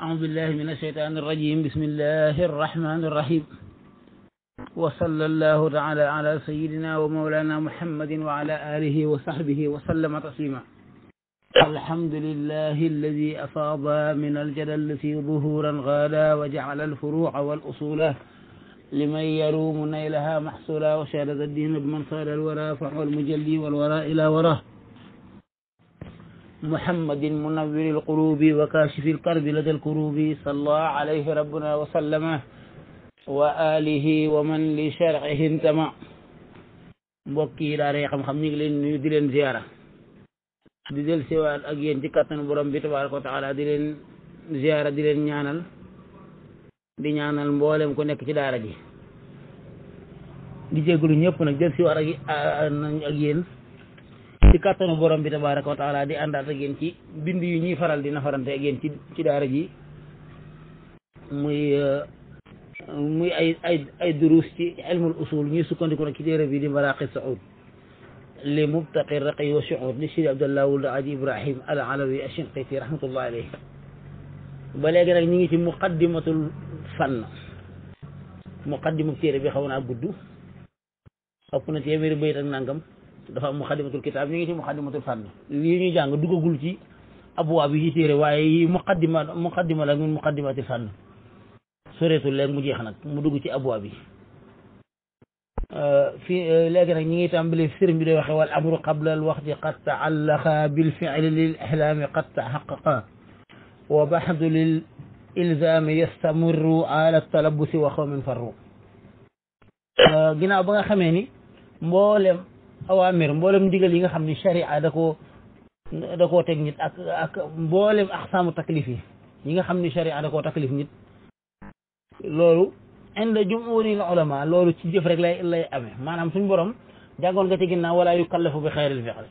أعوذ بالله من الشيطان الرجيم بسم الله الرحمن الرحيم وصلى الله تعالى على سيدنا ومولانا محمد وعلى آله وصحبه وسلم تسليما الحمد لله الذي أصاب من الجلل في ظهورا غالا وجعل الفروع والأصول لمن يروم نيلها محصولا وشارد الدين بمن صار الورى فهو المجلي والوراء إلى وراه محمد منور القلوب وكاشف الكرب لدى الكروب صلى عليه ربنا وسلم وآله ومن لشرعه انتمع mbokki daara yi xam-xam ñu ngi leen nuyu di leen ziara di del siwaat ak yéen ci kàttanu borom bi tabaaraka wa taala di leen ziara di leen ñaanal di ñaanal mboolem ku nekk ci daara ji di jégalu ñëpp nag del siwaat ak ak yéen ci kàttanu borom bi tabaraka wa taala di àndaat ak yéen ci bind yu ñuy faral di nafarante ak yéen ci ci daara ji muy uh, muy ay ay ay duruus ci ilmul ñuy sukkandiku ci téere bi di maraqi saoud li mubtaqi raqi wa shuud li sidi abdallah wuld ibrahim al alawi ashinqiti rahmatullah alayhi ba léegi nag ñu ngi ci muqaddimatul fànn muqaddima téere bi xaw naa gudd ëpp na téeméeri bayit nangam dafa am muqaddimatul kitaab ñu ngi ci muqaddimatul fànn lii ñuy jàng duggagul ci abwaab yi ci téere waaye yi muqaddima muqaddima la min muqaddimatul fànn soreetul léegi mu jeex nag mu dugg ci abwaab yi euh, fii euh, léegi nag ñi ngi tàmbali sëriñ bi day waxee wal amru qabla al waqti qad taallaqa bil fiili lil ihlaami qad taxaqaqa wa baxdu lil ilzaami yastamirru ala talabusi wa xawmin farru euh, ginnaaw ba nga xamee ni mboolem awaamir mboolem ndigal yi nga xam ni sharia da koo da koo teg nit ak ak mboolem axsaamu taklif yi yi nga xam ni sharia da ko taklif nit loolu inda jumhuril ulama loolu ci jëf rek lay lay maanaam suñ borom jàngoon nga ci ginnaaw wala yukallafu bi xayril fi'li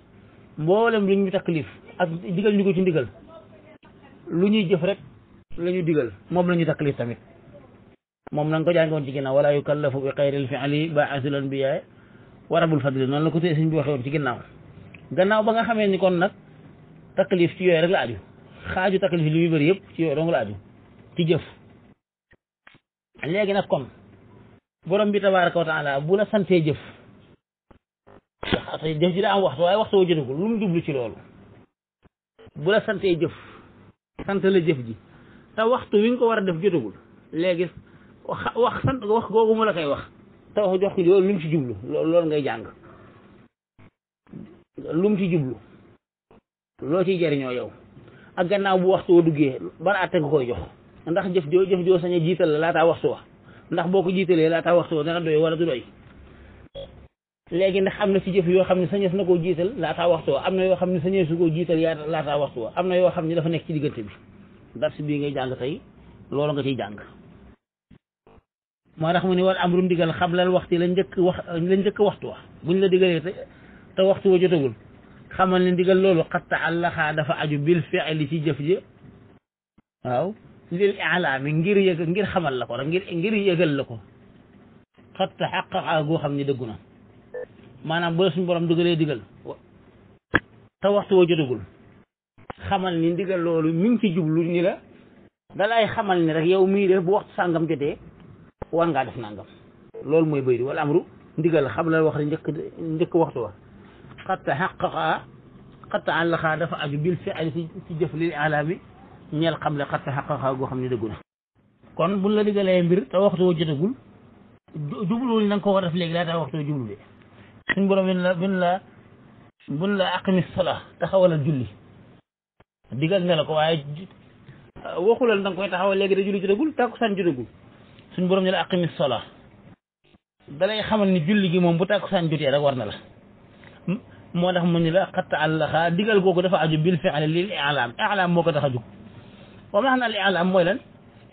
mboolem lu ñu taklif ak digal ñu ko ci ndigal lu ñuy jëf rek la ñu digal moom la ñu taklif tamit moom na nga ko jàngoon ci ginnaaw wala yukallafu bi xayril fi'li ba'athul anbiya wa rabul fadli noonu la ko téye sëñ bi waxee woon ci ginnaaw gannaaw ba nga xamee ni kon nag taklif ci yooyu rek la aju xaaju taklif li muy bëri yëpp ci yooyu dong la aju ci jëf léegi nag kon borom bi tabaaraka wa taala bu la sante jëf te jëf ji daa am waxtu waaye waxtu woo jotagul lu mu jublu ci loolu bu la jëf sant la jëf ji waxtu wi ko war a def jotagul léegi wax wax sant wax googu mu la koy wax te jox ko loolu lu ci jublu loolu ngay jàng lum ci jublu loo ciy jariñoo yow ak gannaaw bu waxtu wa duggee ban àtte nga koy jox ndax jëf joo jëf joo sañ a jiital la laataa waxtu wa ndax boo ko jiitalee laataa waxtu wa dana doy wala du doy léegi ndax am na ci jëf yoo xam ne sañees na koo jiital laataa waxtu wa am na yoo xam ne sañeesu koo jiital yaa laataa waxtu wa am na yoo xam ni dafa nekk ci diggante bi dars bii ngay jàng tey loolu nga ciy jàng moo tax mu ne wal amru ndigal xablal waxti la njëkk wax la njëkk waxtu wax buñ la digalee te te waxtu wa jotagul xamal ne ndigal loolu xat taallaxaa dafa aju bil fi'li ci jëf ji waaw lil i'laami ngir yëg ngir xamal la ko rek ngir ngir yëgal la ko xat taxaqaqa goo xam ne dëggu na maanaam bu la suñu borom dugalee digal te waxtu wa jotagul xamal ni ndigal loolu mi ngi ci jublu ni la da lay xamal ni rek yow mii def bu waxtu sàngam jotee war ngaa def nangam loolu mooy bay di wala amru ndigal xam la wax rek njëkk njëkk waxtu wa xatta xaqaqa xatta àllaxaa dafa aju bil fi ali si jëf lil alaami ñeel xam le xatta xaqaqa goo xam ne dëggu na kon buñ la digalee mbir te waxtu wa na ko war def léegi laata waxtu wa jublu de suñ borom bin la bin la la aqimi sola taxawalal julli digal ne ko waaye waxulal da nga koy taxawal léegi da julli jotagul tàkkusaan jotagul suñ borom ñu la aqimi sola dalay moom bu tàkkusaan jotee rek war na la moo tax mu ni la xat àllaxaa digal googu dafa aju bil fi'li lil i'lam i'lam moo ko tax a jug wa maana al i'lam mooy lan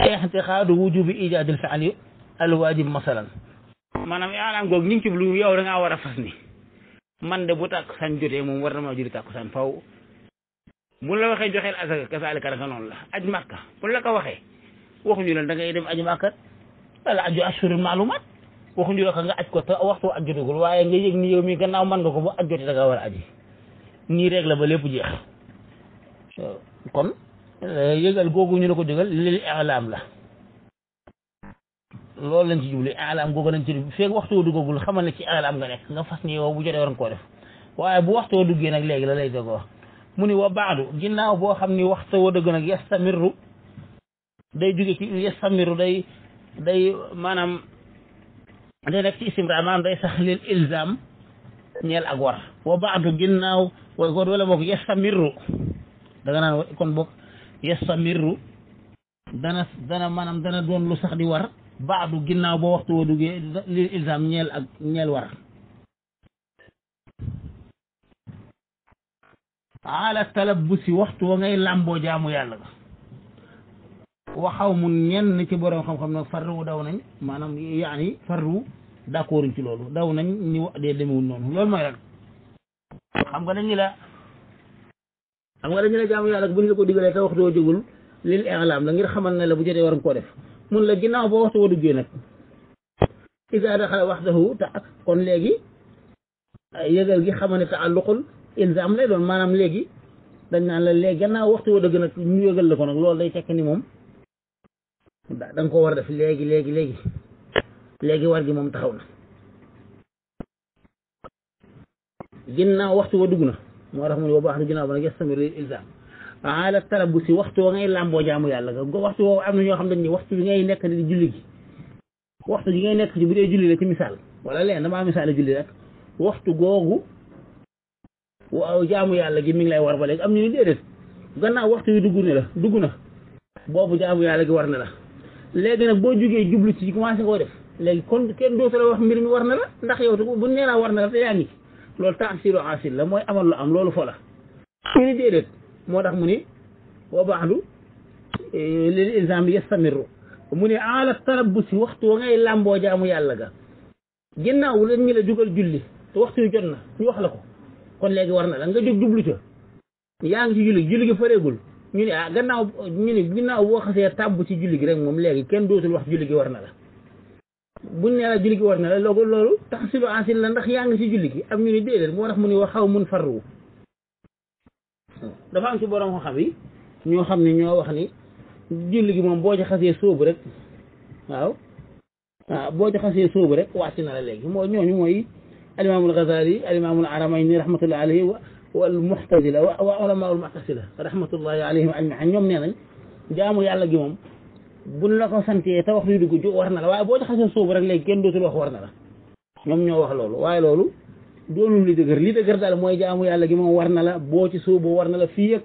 i'tiqaadu wujubi ijaadil fi'li al waajib maanaam i'lam googu yow da war a fas ni man de bu tàkkusaan jotee moom war na maa julli tàkkusaan faw bu la waxee joxeel asaka kasaalika naka noonu la aj màkka bu la ko waxe waxuñu la da ngay dem aj màkka dala aju assuril maalumaat waxuñu la ko nga aj ko te waxtu aj waaye mi gannaaw mën nga ko bu aj jotee da war a aji nii rek la ba lépp jeex kon eh, yëgal googu la ko jógal lil ilaam la loolu lañ ci jublu ilaam googu lañ ci feeg waxtu duggagul xamal ne ci ilaam nga nekk nga fas ni yow bu jotee war koo def waaye bu waxtu duggee nag léegi la lay dëgg wax mu ni wa baadu ginnaaw boo xam ni waxtu wa dëgg nag yastamiru day jóge ci yastamiru day day maanaam day nekk ci istimra maanaam day sax lil ilzam ñeel ak war wa baadu ginnaaw way goor wala boog dana dana dana doon lu sax di war baadu ginnaaw boo waxtu woo duggee lil ilzam ñeel ak ñeel war ala talabbusi waxtu wa ngay làmboo jaamu yàlla waxaw mu ñenn ci boroom xam-xam nag farru daw nañ maanaam yaani farru d'accorduñ ci loolu daw nañ ni wax dee demewul noonu loolu mooy lan xam nga dañu la xam nga bu ñu la ko digalee te waxtu woo jógul lil i'laam la ngir xamal ne bu jotee war nga koo def mun la ginnaaw boo waxtu woo duggee nag isa daxala waxdahu ta kon léegi yëgal gi xamal ne taalluqul ilzaam lay doon maanaam léegi dañ naan la léegi gannaaw waxtu woo dëgg nag ñu yëgal la ko nag loolu day tekk ni moom da nga ko war a def léegi léegi léegi léegi war gi moom taxaw na ginnaaw waxtu wa dugg na moo tax mu ne wa baax na ginnaaw ba nag yastamir lil ilzam làmboo jaamu yàlla ga waxtu woo am na ñoo xam ne ni waxtu bi ngay nekk di julli gi waxtu gi ngay nekk ci bu julli ci misaal wala leen damaa misaal julli rek waxtu googu waaw jaamu yàlla gi mi ngi lay war ba léegi am ñu ni déedéet gannaaw waxtu wi dugg ne la dugg na boobu jaamu yàlla gi war na la léegi nag boo jugee jublu ci commencé ko def léegi kon kenn dootu la wax mbir mi war na la ndax yow te bu nee war na la te yaa ngi ci loolu taasiru asil la mooy amal lu am loolu fo la ñu moo tax mu ni wa baxdu e, lil ilzam yastamiru mu ne ala tarabbusi waxtu wa ngay làmboo jaamu yàlla ga ginnaaw leen ñi la jugal julli te waxtu yu jot na ñu wax la ko kon léegi war na la nga jóg jublu ca yaa ngi ci julli julli gi fareegul ñu ne ah gannaaw ñu ne gannaaw boo xasee tàbb ci julli gi rek moom léegi kenn dootul wax julli gi war na la buñ nee la julli gi war na la loolu loolu tax si lu ansin la ndax yaa ngi si julli gi am ñu ne déedéet moo tax mu ne wax xaw mun farru dafa am ci borom xam yi ñoo xam ni ñoo wax ni julli gi moom boo ci xasee rek waaw waaw boo ci xasee rek wàcc na la léegi moo ñooñu mooy alimaamul Ghazali alimaamul Aramayni rahmatullahi alayhi walmuxtasila wa si la ulama almuxtasila rahmatullahi alayhim ajmain ñoom nee nañ jaamu yàlla gi moom buñ la ko santee te wax luy dugg ju war na la boo ci xasee suubu rek léegi kenn dootul wax war na la ñoom ñoo wax loolu waaye loolu doonul li dëgër li dëgër daal mooy jaamu yàlla gi moom war na la boo ci suubu war na la fii ak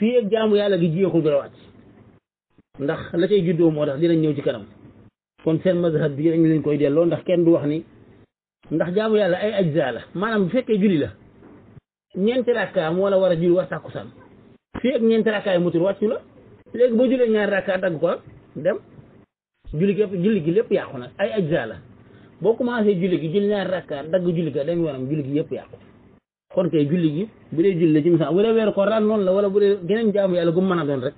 fii ak yàlla gi jeexul du la ndax la cay juddoo moo tax dinañ ñëw ci kanam kon seen mazhab bi dañ lañ koy delloo ndax kenn du wax ni ndax jaamu yàlla ay ajza la maanaam bu fekkee julli la ñeenti rakka moo la war a jul war tàkkusaan fii ak ñeenti rakka yi mutul wàccu la léegi boo julee ñaari rakka dagg ko dem julli gi julli gi lépp yàqu na ay ajza la boo commencé julli gi julli ñaari dagg julli ga dem yoonam julli gi yëpp yàqu kon bu dee julli la ci misaal wala weeru koor daal noonu la wala bu dee geneen jaamu yàlla gu mën a doon rek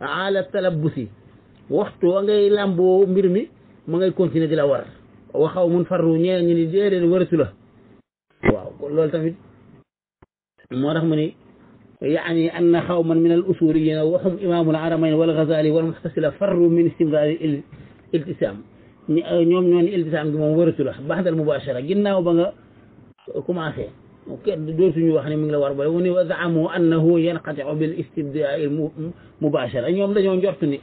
ala talabbusi waxtu wa ngay làmboo mbir mi ma ngay continuer di la war waxaw mun farru ñeneen ñi ni déedéet waratu la waaw loolu tamit المؤرخ يعني أن خوما من الأسوريين وهم إمام العرمين والغزالي والمحتسلة فروا من استمرار الالتسام يوم يوم الالتسام دم ورثوا له بعد المباشرة جنا وبنا كم عسي وكان دوس نيو خني من الوربا وزعموا أنه ينقطع بالاستبداء مباشرة يوم ده يوم جرتني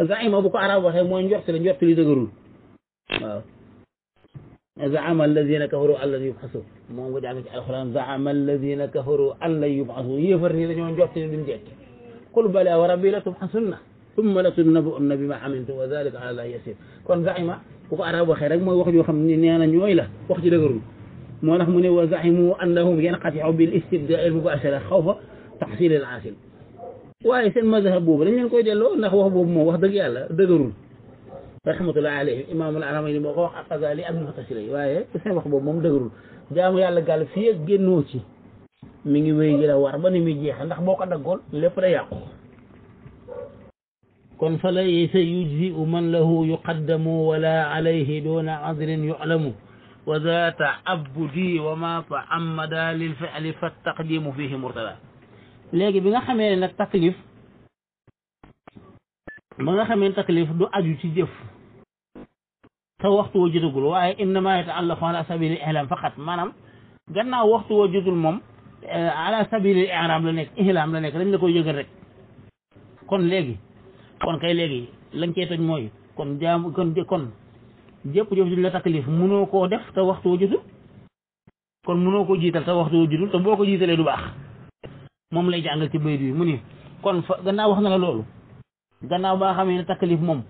زعيم أبو كعراب وهم يوم جرت لي دغرو زعم الذين كفروا أن لن يبعثوا ما قد عمل القرآن زعم الذين كفروا أن لن يبعثوا يفرني دجون جوت من جت قل بلى وربي لا لتبحثن ثم لا النبي بما عملت وذلك على الله يسير كون زعم وقع رب خير ما وخت يو خم ني انا نيوي لا وخت دغرو مو نخ وزعموا انهم ينقطعوا بالاستبداء المباشر خوفا تحصيل العاصل واي سن مذهب بوب دنج كوي ديلو نخ وخ مو وخ دغ يالا دغرو rahmatu laahi alayhi imaamul alamin moo ko wax ak Xasaali ak Mu'tasila yi waaye seen wax boobu moom dëgërul jaamu yàlla gàll fii ak génnoo ci mi ngi wéy gi la war ba ni muy jeexee ndax boo ko daggoon lépp da yàqu kon fa la sa yujziu man lahu yuqaddamu wala alayhi duna adrin yu'lamu wa za ta'abbudi wa ma ta'ammada lil fi'li fa taqdimu fihi murtada léegi bi nga xamee ne nag taklif ba nga xamee taklif du aju ci jëf te waxtu wa jotagul waaye innama yata'allaqu ala sabili ihlam faqat maanaam gannaaw waxtu wa jotul moom eh, ala sabili i'rab la nekk ihlam la nekk dañ la koy yëgal rek kon léegi kon kay léegi lañ cee toj mooy kon jaam kon kon jëpp jëf juñ la taklif mënoo koo def te waxtu wa jotul kon mënoo ko jiital te waxtu wa jotul te boo ko jiitalee du baax moom lay jàngal ci bayt bi mu ni kon fa gannaaw wax na la loolu gannaaw baa xamee ne taklif moom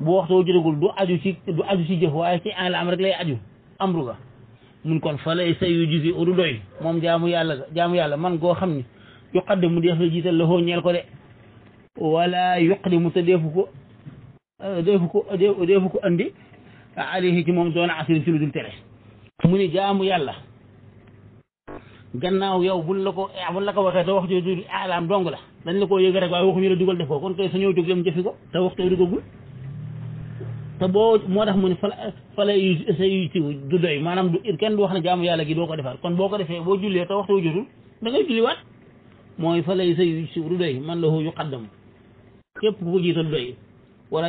boo waxtoo jotagul du aju ci du aju ci jëf waaye ci en rek lay aju amru ga mun kon fa lay say yu gisi udu doy moom jaamu yàlla ga jaamu yàlla man goo xam ne yuqaddi mu def la jiital la xoo de wala yuqaddi mu te deefu ko deefu ko deefu ko andi alayhi ci moom doona asiri ci lu dul tere mu ni jaamu yàlla gannaaw yow buñ la ko eh, buñ la ko waxee te wax jooju la dañ la ko yëg rek waaye waxuñu la dugal def ko kon kay sa ñëw jóg dem jëfi ko te waxtu duggagul te boo moo tax mu ne fa fala sa yu du doy maanaam du kenn du wax na jaamu yàlla gi doo ko defaat kon boo ko defee boo jullee te waxtu jotul da ngay julliwaat mooy fala yu si du doy man la hu yu qaddam képp ku ko jiital doy wala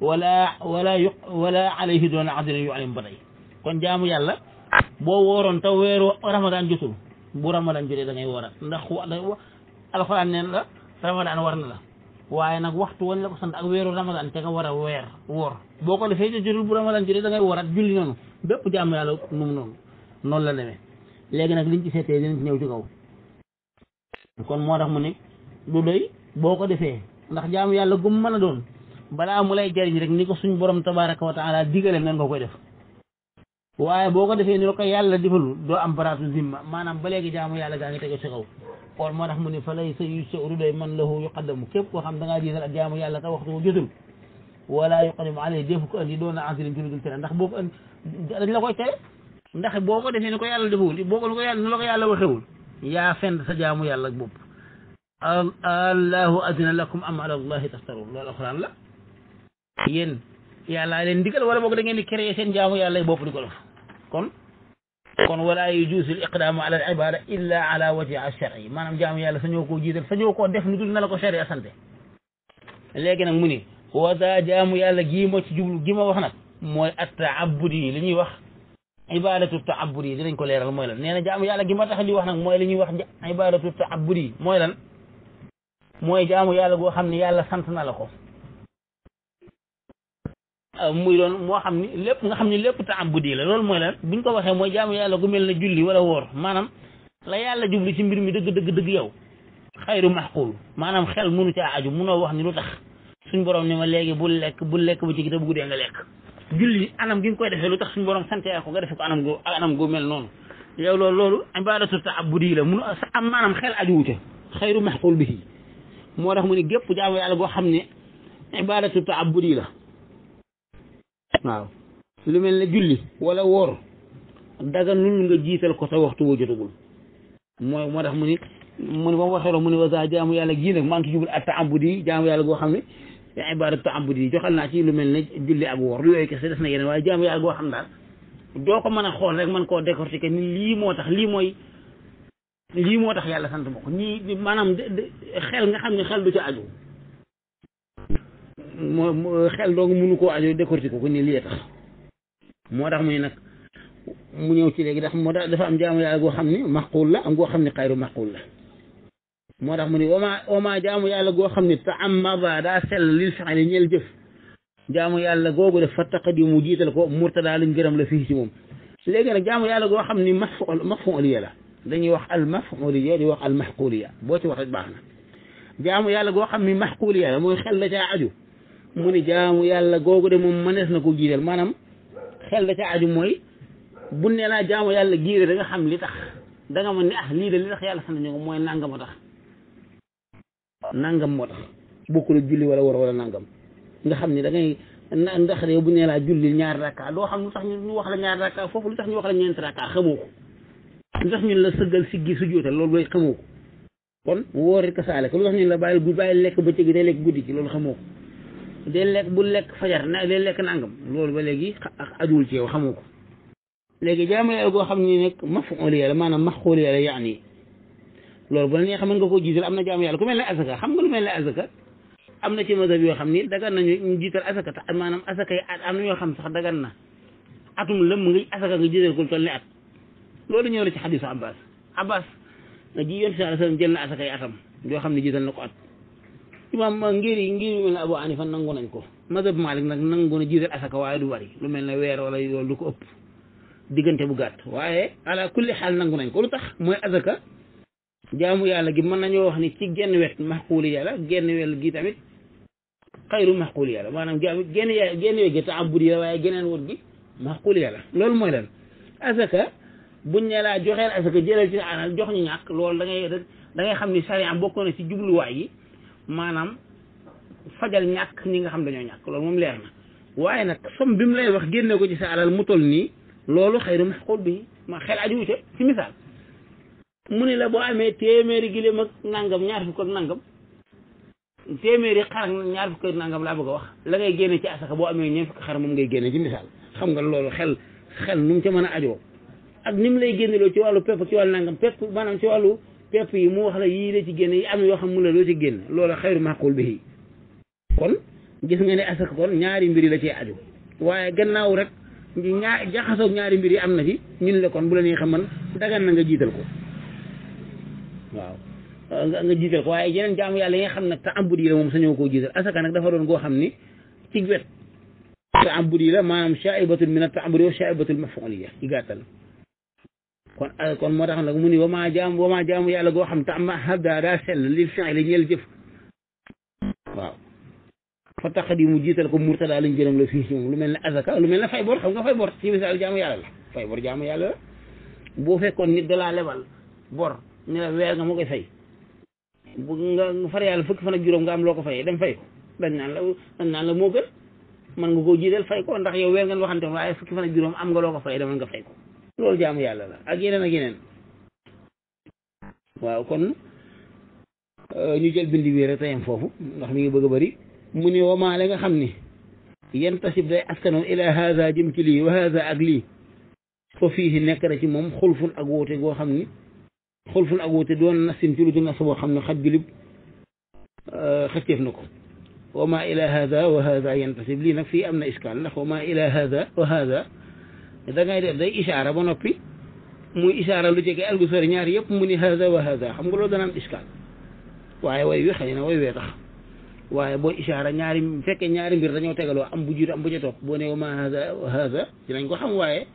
wala wala wala alayhi doon adina yu alim kon jaamu yàlla boo wooroon te weeru ramadan jotul bu ramadan jotee da ngay wooraat ndax alxuraan neen la ramadan war na la waaye nag waxtu woon la ko sant ak weeru ramadan ca nga war a weer woor boo ko defee te jotul bu ramadan jotee da ngay wooraat julli noonu bépp jàmm yàlla nu mu noonu la demee léegi nag liñ ci seetee dinañ ñëw ci kaw kon moo mu ne lu doy boo ko defee ndax jaamu yàlla gum mën a doon balaa mu lay jariñ rek ni ko suñ borom tabaraka wa taala digale nan nga koy def waaye boo ko defee ni la ko yàlla defalul doo am baraatu zimma maanaam ba léegi jaamu yàlla gaa ngi tege ci kaw koor moo tax mu ne fa lay sa yusaru day man lahu yuqaddamu képp koo xam da ngaa jiital ak jaamu yàlla te waxtu ko jotul wala yuqaddamu alay defu ko andi doon na ansilim ci lu dul tere ndax boo ko andi dañ la koy tere ndax boo ko defee ni ko yàlla defewul boo ko ni ko yàlla ni la ko yàlla waxewul yaa fend sa jaamu yàlla ak bopp allahu adina lakum am ala allahi taftarun loolu alxuraan la yéen yàllaa leen digal wala boog da ngeen di créer seen jaamu yàlla bopp di ko def kon kon wala yajuuzu l iqdaamu ala al ibada illa ala wajhi shar'i maanaam jaamu yàlla sañoo koo jiital sañoo koo def nu dul na la ko sharia sante léegi nag mu ni wasa jaamu yàlla gii ma ci jublu gi ma wax nag mooy at taabudi li ñuy wax ibadatu taabudi dinañ ko leeral mooy lan nee na jaamu yàlla gi ma tax di wax nag mooy li ñuy wax ibadatu taabudi mooy lan mooy jaamu yàlla goo xam ne yàlla sant na la ko Euh, mu doon moo xam ni lépp nga xam ni lépp taabudi la loolu mooy la buñ ko waxee mooy jaamu yàlla gu mel ne julli wala woor maanaam la yàlla jubli ci mbir mi dëgg dëgg dëgg yow xayru maxqul maanaam xel mënu caa aju mënoo wax ni lu tax suñ borom ni ma léegi bu lekk bu lekk ba ci gi te bu guddee nga lekk julli anam gi nga koy defee lu tax suñu borom sante ko nga defee ko anam gu anam gu mel noonu yow loolu loolu ibadatu taabudi la mënu am maanaam xel ajuwu ca xayru maxqul bi moo tax mu ni gépp jaamu yàlla goo xam ne ibadatu taabudi la waaw lu mel ne julli wala woor daganul nga jiital ko sa waxtu woo jotagul mooy moo tax mu ni mu ni ba mu waxee loolu mu ni wasa jaamu yàlla gii nag maa ngi ci jublu at taambudi goo xam ne ibaadatu taambudi joxal naa ci lu mel ne julli ak woor lu yooyu kese def na yeneen waaye jaamu yàlla goo xam daal doo ko mën a xool rek mën koo décortiquer ni lii moo tax lii mooy lii moo tax yàlla sant ma ko ñii maanaam xel nga xam ne xel du ci aju xel doogu mënu koo ajo décortiquer ko ni lii tax moo tax mu ne nag mu ñëw ci léegi ndax moo tax dafa am jaamu yàlla goo xam ne maqul la am goo xam ne xayru maqul la moo tax mu ne wama wama jaamu yàlla goo xam ne ta am maba daa sell lil fexale ñeel jëf jaamu yàlla googu def fa taqadimu mu jiital ko murtada lañ gërëm la fii ci moom léegi nag jaamu yàlla goo xam ni maful mafuliya la dañuy wax al mafuliya di wax al mahquliya boo ci wax rek baax na jaamu yàlla goo xam ni mahquliya la mooy xel la caa aju mu ni jaamu yàlla googu de moom mënees na ko giiral maanaam xel da ca aju mooy bu nee naa jaamu yàlla giire da nga xam li tax da nga mën ne ah lii de li tax yàlla xam nañu ko mooy nangam moo tax nangam moo tax bokkul julli wala war wala nangam nga xam ni da ngay ndax yow bu nee laa julli ñaari rakka doo xam lu tax ñu wax la ñaar rakka foofu lu tax ñu wax la ñeenti rakka xamoo ko lu tax ñun la sëggal si su jootal loolu looy xamoo ko kon la bàyyil guddi bàyyil lekk bëccëg guddi ci loolu del lekk bu lekk fajar na del lekk nangam loolu ba léegi ajuwul ci yow xamoo ko léegi jaamu yàlla goo xam ne nag mafuul maanaam maxuul yàlla yaani loolu bu la nga koo jiital am na jaamu yàlla ku mel ne asaka xam nga lu mel ne asaka am na ci mazhab yoo xam ni dagan nañu ñu jiital asaka te maanaam asaka yi am na ñoo xam sax dagan na atum lëmm nga asaka nga jiital ko toll at loolu ñëw na ci xadisu abbas abbas nga ji yoon si sallam jël na asaka yi atam yoo xam ne jiital na ko at imam ngiri ngiri mel ne Abu Hanifa nangu nañ ko mazhab Malik nag nangu na jiital asaka waaye du bari lu mel ne weer wala loolu du ko ëpp diggante bu gàtt waaye ala kulli xaal nangu nañ ko lu tax mooy asaka jaamu yàlla gi mën nañoo wax ni ci genn wet maxquuli yàlla genn wel gi tamit xayru maxquuli yàlla maanaam jaamu genn ya genn wet gi taabud yi la waaye geneen wet gi maxquuli yàlla loolu mooy lan asaka buñ ne laa joxeel asaka jëlal ci alal jox ñu ñàkk loolu da ngay da ngay xam ni sariya bokk na ci jubluwaay yi maanaam fajal ñàkk ñi nga xam dañoo ñàkk loolu moom leer na waaye nag som bi mu lay wax génne ko ci sa mu toll nii loolu xëy na xool bi ma xel aju ca ci misaal mu ne la boo amee téeméeri giléem ak nangam ñaar fukk ak nangam téeméeri xar ak ñaar fukk ak nangam laa bëgg a wax la ngay génne ci asaka boo amee ñeent fukk xar moom ngay génne ci misaal xam nga loolu xel xel nu mu ca mën a ajoo ak ni mu lay génne génneloo ci wàllu pepp ci wàllu nangam pepp maanaam ci wàllu pepp yi mu wax la yii la ci génn yi am yoo xam mu la loo ci génn loola xayru maqul bi kon gis nga ne asaka kon ñaari mbir yi la cee aju waaye gannaaw rek ñaar jaxasoog ñaari mbir yi am na ci ñun lekkoon bu la nee xam man dagan na nga jiital ko waaw nga jiital ko waaye yeneen jaamu yàlla yi nga xam nag te but yi la moom sañoo koo jiital asaka nag dafa doon goo xam ni ci wet te ambut yi la maanaam shaibatul min at ta'abbudi wa shaibatul maf'uliyya ci gàttal kon eh, kon moo tax mu ni wamaa jaam jaamu yàlla goo xam ta ma habda daa sell li fi'li la ñeel jëf waaw fa tax di mu jiital ko murtada lañ jëlam la lu mel ne azaka lu mel ne fay bor xam nga fay bor ci misaal jaamu yàlla la fay bor jaamu yàlla la boo fekkoon nit da laa lebal bor ne la weer nga moo koy fay bu nga far yàlla fukki fan juróom nga am loo ko fayee dem fay ko dañ naan la dañ naan la moo gën mën nga koo jiital fay ko ndax yow weer ngeen waxante waaye fukki fan juróom am nga loo ko fayee demal nga fay ko loolu jaamu yàlla la ak yeneen ak yeneen waaw kon ñu jël bindi wii rek tayam foofu ndax mi ngi bëgg a bëri mu ne wamaale nga xam ni yan tasib day askanoon ila haza jëm ci lii wa haza ak lii fa fii nekk na ci moom xulfun ak woote goo xam ni xulfun ak woote doon nasin ci lu dul nas boo xam ne xaj gilib xëcceef na ko wama ila haza wa haza yan lii nag fii am na iskaal ndax wama ila haza wa haza da ngay def day isaara ba noppi muy isaara lu jege ak lu sori ñaar yëpp mu ni haza wa xam nga loolu dana am iskaal waaye way wi xëy na way wee tax waaye boo isaara ñaari bu fekkee ñaari mbir dañoo tegaloo am bu jiitu am bu ca boo nee ma haza ko xam waaye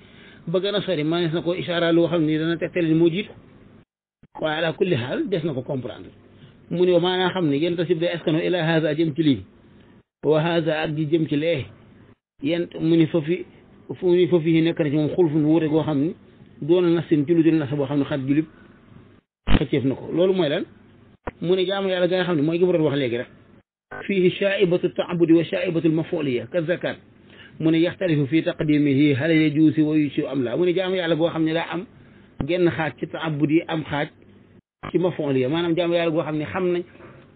ba gën a sori na ko isaara loo xam ni dana tegtale moo jiitu waaye ala kulli xaal des na ko comprendre mu ne xam ne yéen tasib day askano ila haza jëm ci lii wa ak ji jëm ci lee yéen mu ni fa fi foofu foofu yi nekk na ci moom xulfun wuute goo xam ni doon na seen ci lu dul nasa boo xam ne xat julib xëcceef na ko loolu mooy lan mu ne jaamu yàlla ga nga xam ne mooy gi mu doon wax léegi rek fiihi shaibatu taabudi wa shaibatu lmafuliya ka zakat mu ne yaxtalifu fi taqdimihi hal yajuusi wa yusi am la mu ne jaamu yàlla goo xam ne daa am genn xaaj ci taabudi am xaaj ci mafuliya maanaam jaamu yàlla goo xam ne xam nañ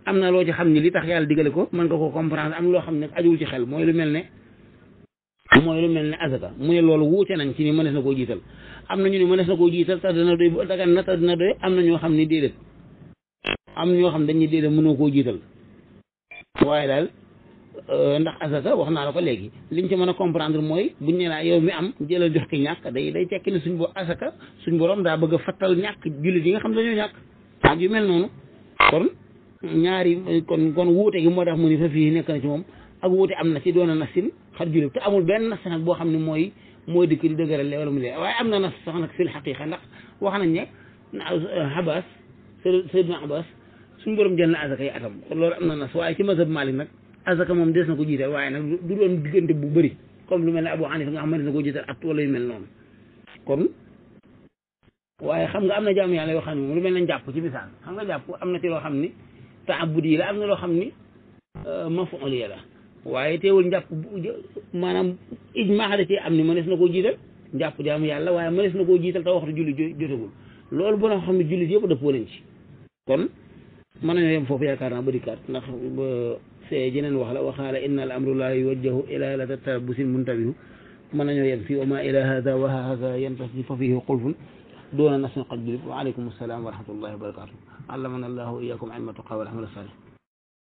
am na loo ci xam ne li tax yàlla digale ko mën nga ko comprendre am loo xam ne ajuwul ci xel mooy lu mel ne mooy lu mel ne azaka mu ne loolu wuute nañ ci ni mënees na koo jiital am na ñu ne mënees na koo jiital te na doy dagan na doy am na ñoo xam ni déedéet am na ñoo xam dañuy déedéet mënoo koo jiital waaye daal euh, ndax azaka wax naa la ko léegi liñ ci mën a comprendre mooy buñ ne yow mi am jëlal jox ki ñàkk day day tekki ne suñ suñ borom daa bëgg a fattal ñàkk yi nga xam dañoo ñàkk ak yu mel noonu kon ñaari kon kon wuute gi moo tax mu ni fa fii nekk na ci moom ak wuute am na ci doon na xar jullit te amul benn nas nag boo xam ne mooy mooy dikk di dëgëral wala lee waaye am na nas sax nag sil xaqiqa ndax wax nañ ne euh, Abbas Seydina Abbas suñu borom jël na azaka yi atam kon loolu am na nas waaye ci mazhab maali nag azaka moom des na ko jiital waaye nag du doon diggante bu bëri comme lu mel ne Abu Hanifa nga xamante ne ko jiital at wala yu mel noonu kon waaye xam nga am na jaamu yàlla yoo xam ne moom lu mel ne jàpp ci misaal xam nga jàpp am na ci loo xam ni taabud yi la am na loo xam ni euh, mafuul yi la waaye teewul njàpp maanaam ijmaa da cee am ni mënees na koo jiital njàpp jaamu yàlla waaye mënees na koo jiital te waxtu julli jotagul loolu boo xam ne jullit yëpp dëppoo nañ ci kon mën nañoo yem foofu yaakaar naa ba dikkaat ndax ba see jeneen wax la waxaala inna al amru laa yuwajjahu ilaa la tatabusin muntabihu mën nañoo yem fii wa maa ilaa hada wa hada yantasi fa fihi xulfun doona nasin qad julib wa aleykum assalaam wa rahmatullahi wa barakatuh allamana allahu iyakum ilma tuqa wal amal salih